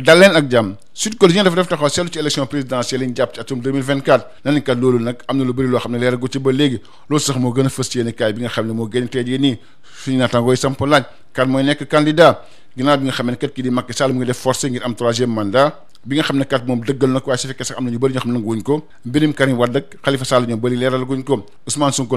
dal leen ak jàmm Sud Quotidien dafa def taxaw seetlu ci élection présidentielle yi ñu jàpp ci atum 2024 nee nañ kat loolu nag am na lu bëri loo xam ne leeragu ci ba léegi loolu sax moo gën a fës ci yéen kaay bi nga xam ne kat kii di Macky Sall mu ngi def forcé ngir am troisième mandat bi nga xam ne kat moom dëggal na ko waaye su fekkee sax am na ñu bëri ñoo xam ne nanguwuñ ko mbirum Karim Wade ak Khalifa Sall ñoom bëri leeral guñ ko Ousmane Sonko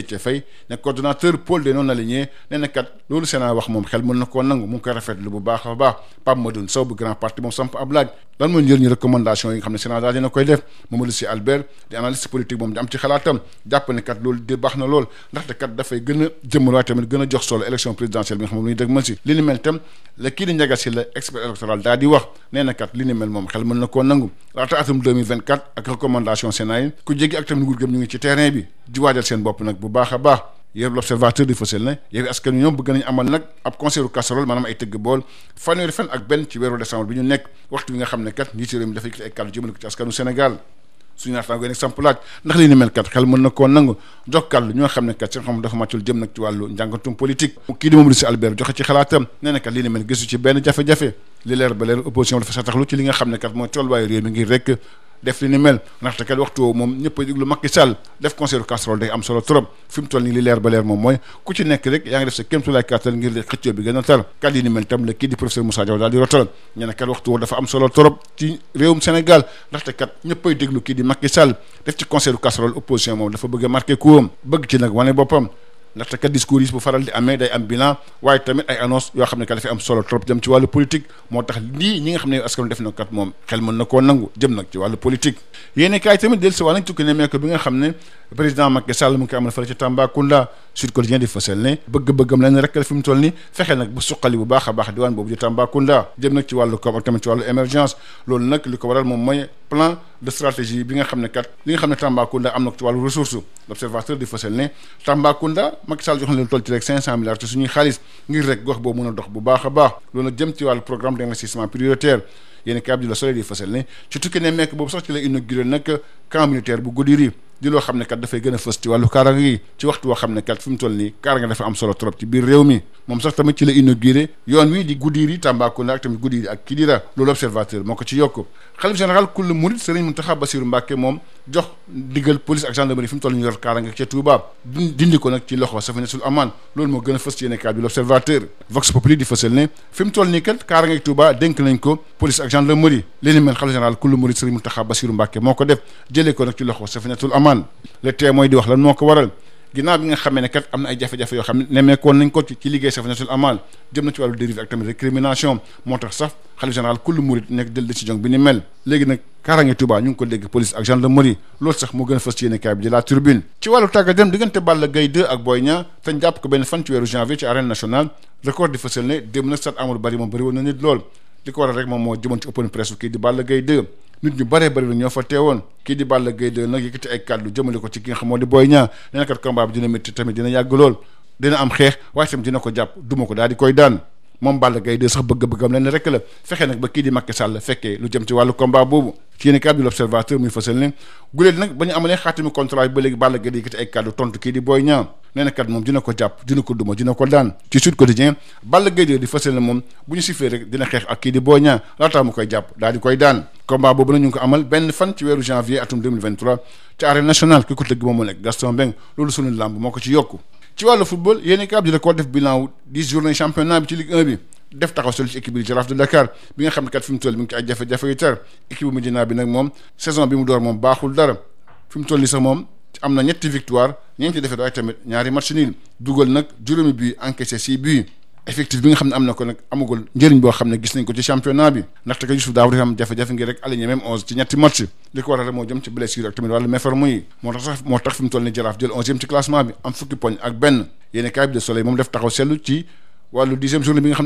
Déthié Faye nekk coordonnateur pôle des non-alignés nee na kat loolu Sénat wax moom xel mën na koo nangu mu ngi koy rafetlu bu baax a baax Pape Madoun Sow bu grand parti moom samp ab laaj lan mooy njëriñu recommandation yi nga xam ne Sénat daal dina koy def Mamadou Sy Albert di analyste politique moom di am ci xalaatam jàpp kat loolu di baax na lool ndaxte kat dafay gën a jëmmalwaay tamit gën a jox solo élection présidentielle bi nga xam ne li na kat moom xel mën na koo laata atum 2024 ak recommandation Sénat ku jéggi ak tamit nguur gëm ñu ngi ci terrain bi di waajal seen bopp nag bu baax a baax yéen l'observateur di fësal ne yéen askan wi ñoom bëgg nañu amal nag ab concert casserole maanaam ay tëgg bool fanweeri fan ak benn ci weeru décembre bi ñu nekk waxtu bi nga xam ne kat njiitu réew mi dafa yëkkati ay kàddu jëmale ko ci askanu Sénégal suñu naataango yi nag samp ndax li mel kat xel mën na koo nangu jokkal ñoo xam ne kat seen xam dafa màccul jëm nag ci wàllu njàngatum politique kii di moom Albert joxe ci xalaatam nee kat li ni mel gisu ci benn jafe-jafe li leer ba leer opposition dafa sataxlu ci li nga xam ne kat mooy tolluwaayu réew mi ngir rek def li ni mel ndaxte kat waxtu woowu moom ñëpp a déglu Macky Sall def concert casserole day am solo trop fi mu toll nii li leer ba leer moom mooy ku ci nekk rek yaa ngi def sa kéem tolluwaay kàttan ngir de xëccoo bi gën a tar kat yi ni mel tam la kii di professeur Moussa Diaw daal di rotal ñu waxtu woowu dafa am solo trop ci réewum Sénégal ndaxte kat ñëpp ay déglu kii di Macky Sall def ci concert casserole opposition moom dafa bëgg a marqué kuwam bëgg ci nag wane boppam ndaxte kat discours yi bu faral di amee day am bilan waaye tamit ay annonce yoo xam ne kat dafa am solo trop jëm ci wàllu politique moo tax lii ñi nga xam ne askan def na kat moom xel mën na koo nangu jëm nag ci wàllu politique yéeni kaay tamit del si wàll nañ tukki ne meeko bi nga xam ne président Macky Sall mu ngi koy amal ci Tambacounda Sud Quotidien di fësal ne bëgg-bëggam leen rek la fi mu ni fexe nag bu suqali bu baax a baax diwaan boobu di Tambacounda jëm nag ci wàllu koom tamit ci wàllu émergence loolu nag li ko waral moom mooy plan de stratégie bi nga xam ne kat li nga xam ne Tambacounda am na ko ci wàllu ressource l'observateur di fësal ne Tambacounda Macky Sall jox na leen toll ci rek cinq cent milliards ci suñuy xaalis ngir rek gox boobu mën a dox bu baax a baax loolu nag i kaab di loo xam ne kat dafay gën a fës ci wàllu kaaraange gi ci waxtu woo xam ne kat fi mu toll nii kaaraange dafa am solo trop ci biir réew mi moom sax tamit ci la inauguré yoon wi di Goudiry Tambacounda ak tamit Goudiry ak Kidira loolu observateur moo ko ci yokk xalif général kull murid Serigne Mountakha Bassirou Mbacké moom jox diggal police ak gendarmerie fi mu toll ñu yor kaaraange ca Touba dindi ko nag ci loxo Safinatul Amaan loolu moo gën a fës ci yenn kaat bi l'observateur Vox Populi di fësal ne fi Ousmane le ci liggéey Safinatul Amal di la turbine ci wàllu ak Boy Niang te ñu ko benn fan ci janvier ci arène nationale record di fësal ne démb nag sat amul bari moom bari na nit lool li ko waral rek moom moo jëmoon ci open press kii di Balla Gaye 2 nit ñu bëree bëri la ñoo fa teewoon kii di Balla Gaye 2 nag yëkkati ay kàddu jëmale ko ci ki nga moo di booy Niang nee na kat combat bi dina métti tamit dina yàgg lool dina am xeex waaye tamit dina ko jàpp duma ko daal di koy daan moom Balla Gaye de sax bëgg-bëggam leen rek la fexe nag ba kii di Macky Sall fekkee lu jëm ci wàllu combat boobu ci yéen kàddu l'observateur muy fësal ne guléet nag ba ñu amalee xaatimi contrat ba léegi Balla Gaye di yëkkati ay kàddu tontu kii di Boy Niang nee kat moom dina ko jàpp dina ko duma dina ko daan ci Sud Quotidien Balla Gaye di fësal ne moom bu ñu sifflee rek dina xeex ak kii di Boy Niang laataa mu koy jàpp daal di koy daan combat boobu na ñu ngi ko amal benn fan ci weeru janvier atum 2023 ci arène nationale ki ko ci wàllu football yéen i di def bilan wu dix journée championnat bi ci Ligue 1 bi def taxaw selu ci équipe bi Jaraaf de Dakar bi nga xam kat fi toll bi ci ay jafe-jafe yu tar équipe bu Médina bi nag moom saison bi mu door moom baaxul dara fi mu toll nii sax moom am na ñetti victoire ñeenti defet ay tamit ñaari match nul dugal nag juróomi bi encaissé si buts effectif bi nga xam ne am na ko nag amagul njëriñ boo xam ne gis nañ ko ci championnat bi ndaxte ka Youssouf Daouda am jafe-jafe ngir rek aligné même onze ci ni jaraaf jël onzième ci classement bi am fukki poñ ak benn yéeni kaay bi de soleil moom def nga xam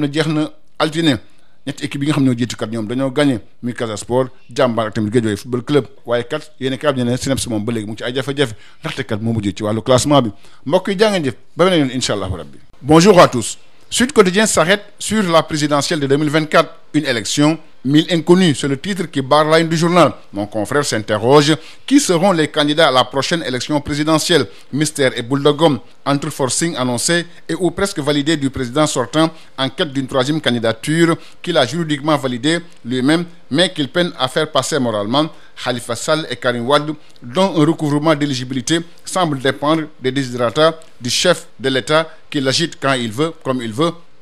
ne jeex na altine ñetti équipe yi ne ñoo jiitu kat ñoom dañoo gagné muy Casa waaye kat yéeni kaay bi ne ne CNEPS moom ba léegi mu ngi ci ay jafe-jafe ndaxte kat moo mujjee ci wàllu classement bi mbokk yi jëf ba yoon incha allahu rabbi bonjour à tous Sud Quotidien s'arrête sur la présidentielle de 2024 Une élection, mille inconnus, c'est le titre qui barre la ligne du journal. Mon confrère s'interroge, qui seront les candidats à la prochaine élection présidentielle Mystère et entre forcing annoncé et ou presque validé du président sortant en quête d'une troisième candidature qu'il a juridiquement validée lui-même, mais qu'il peine à faire passer moralement, Khalifa Sall et Karim Wad, dont un recouvrement d'éligibilité semble dépendre des désiderata d chef de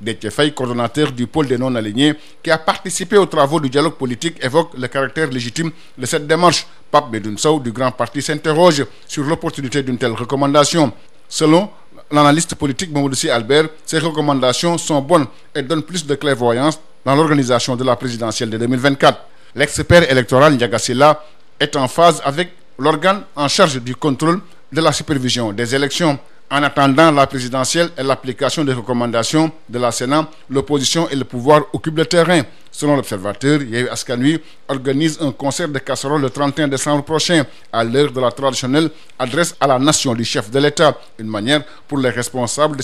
Déthié Faye, coordonnateur du pôle des non-alignés, du dialogue politique, évoque le caractère légitime de cette démarche. Pape Medoune Sow du Grand Parti s'interroge sur l'opportunité d'une telle recommandation. Selon l'analyste politique Mamadou Sy Albert, ces recommandations sont bonnes et donnent de clairvoyance dans l'organisation de la présidentielle de 2024. L'expert électoral Ndiaga Sylla est en phase avec l'organe en charge du contrôle la supervision des élections. en attendant la présidentielle et l'application des recommandations de la Sénat, l'opposition et le pouvoir occupent le terrain. Selon l'Observateur, Yewwi Askan Wi organise un concert de casseroles le 31 décembre prochain à l'heure de la traditionnelle adresse à la nation du chef de l'État, une manière pour les responsables de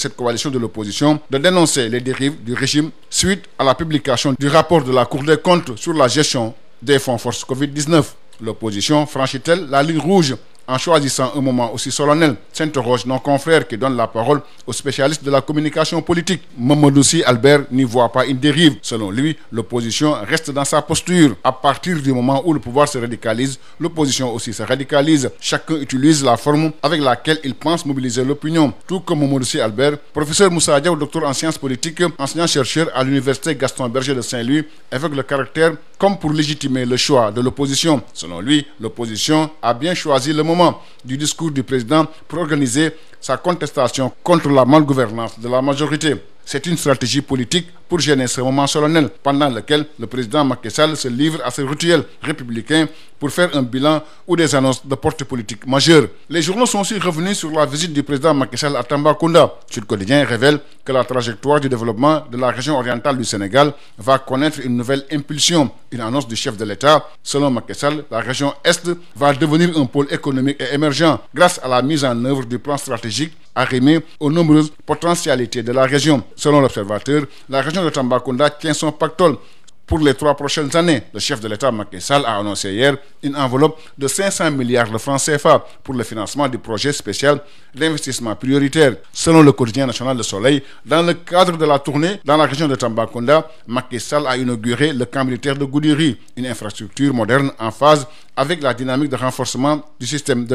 en choisissant un moment aussi solennel, s'interrogent nos confrères qui donnent la parole aux spécialistes de la communication politique. Mamadou Albert n'y voit pas une dérive. Selon lui, l'opposition reste dans sa posture. À partir du moment où le pouvoir se radicalise, l'opposition aussi se radicalise. Chacun utilise la forme avec laquelle il pense mobiliser l'opinion. Tout comme Mamadou Albert, professeur Moussa Diaw, docteur en sciences politiques, moment du discours du président pour organiser sa contestation contre la malgouvernance de la majorité. C'est une stratégie politique pour gêner ce moment solennel pendant lequel le président Macky Sall se livre à ses rituels républicains pour faire un bilan ou des annonces de portée politique majeure. Les journaux sont aussi revenus sur la visite du président Macky Sall à Tambacounda. Sud Quotidien révèle que la trajectoire du développement de la région orientale du Sénégal va connaître une nouvelle impulsion, une annonce du chef de l'État. Selon Macky la région Est va devenir un pôle économique mise en œuvre du plan stratégique arrimé de la région. Selon région de Tambacounda tient son pactole pour les trois prochaines années. Le chef de l'État, Macky Sall, a annoncé hier une enveloppe de 500 milliards de francs CFA pour le financement du projet spécial d'investissement prioritaire. Selon le quotidien national Le Soleil, dans le cadre de la tournée dans la région de Tambacounda, Macky a inauguré le camp militaire de Goudiri, une infrastructure moderne en phase avec la dynamique de renforcement du système a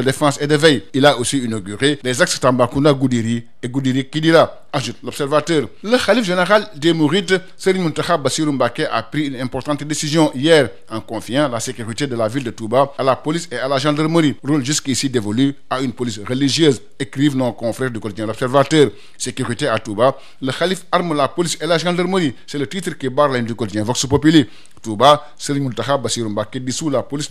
l'observateur. Le Khalif général des Mourides, Serigne Mountakha Bassirou Mbacké, a pris une importante décision hier en confiant la sécurité de la ville de Touba à la police et à la gendarmerie, rôle jusqu'ici dévolu à une police religieuse, écrivent nos confrères du quotidien L'Observateur. Sécurité à Touba, le Khalif arme la police et la gendarmerie, c'est le titre qui barre la ligne du quotidien Vox Populi. Touba, Serigne Mountakha Bassirou Mbacké dissout la police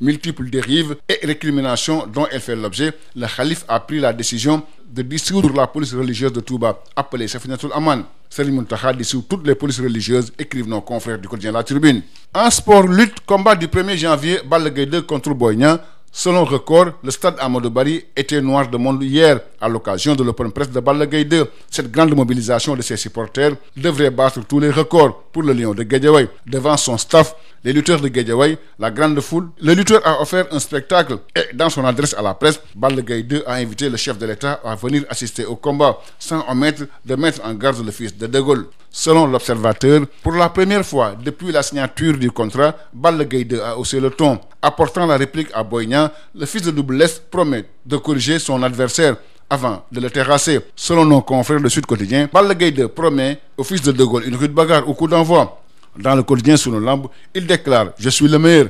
multiples dérives et récriminations dont elle fait l'objet, le calife a pris la décision de dissoudre la police religieuse de Touba, appelée Safinatul Aman. Serigne Mountakha dissout toutes les polices religieuses, écrivent nos confrères du quotidien La Tribune. En sport, lutte, combat du 1er janvier, Balla contre Boy Niang. Selon Record, le stade Amadou Barry était noir de monde hier à l'occasion de l'Open Press de Balla Gaye 2. Cette grande mobilisation de ses supporters devrait battre tous les records pour le Lion de Guédiawaye. Devant son staff, les lutteurs de Guédiawaye, la grande foule, le lutteur a offert un spectacle et dans son adresse à la presse, Balla Gaye 2 a invité le chef de l'État à venir assister au combat sans omettre de mettre en garde le de De Gaulle. Selon l'observateur, pour la première fois depuis la signature du contrat, Balla Gaye 2 le ton. Apportant la réplique à Boy Niang, le fils de Double Less promet de corriger son adversaire avant de le terrasser. Selon nos confrères de Sud Quotidien, Balla Gaye 2 promet au fils de De Gaulle une rude bagarre au coup d'envoi. Dans le quotidien sous nos lambes, il déclare « Je suis le meilleur ».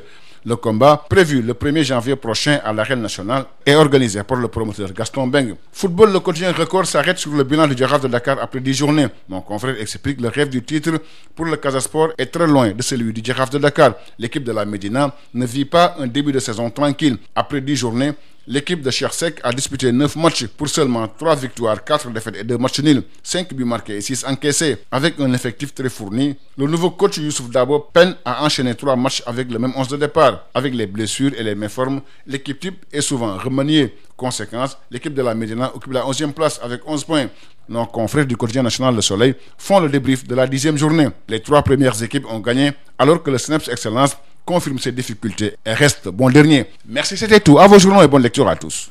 Le combat, prévu le 1er janvier prochain à l'Arène nationale, est organisé par le promoteur Gaston Beng. Football, le quotidien record s'arrête sur le bilan du Giraffe de Dakar après 10 journées. Mon confrère explique le rêve du titre pour le Casasport est très loin de celui du Giraffe de Dakar. L'équipe de la Médina ne vit pas un début de saison tranquille. Après 10 journées, L'équipe de Chersek a disputé 9 matchs pour seulement 3 victoires, 4 défaites et 2 matchs nuls, 5 buts marqués et 6 encaissés. Avec un effectif très fourni, le nouveau coach Youssouf Dabo peine à enchaîner 3 matchs avec le même 11 de départ. Avec les blessures et les méformes, l'équipe type est souvent remaniée. Conséquence, l'équipe de la Médina occupe la 11e place avec 11 points. Nos confrères du quotidien national Le Soleil font le débrief de e journée. confirme ses difficultés et reste bon dernier. Merci, c'était tout. À vos journaux et bonne lecture à tous.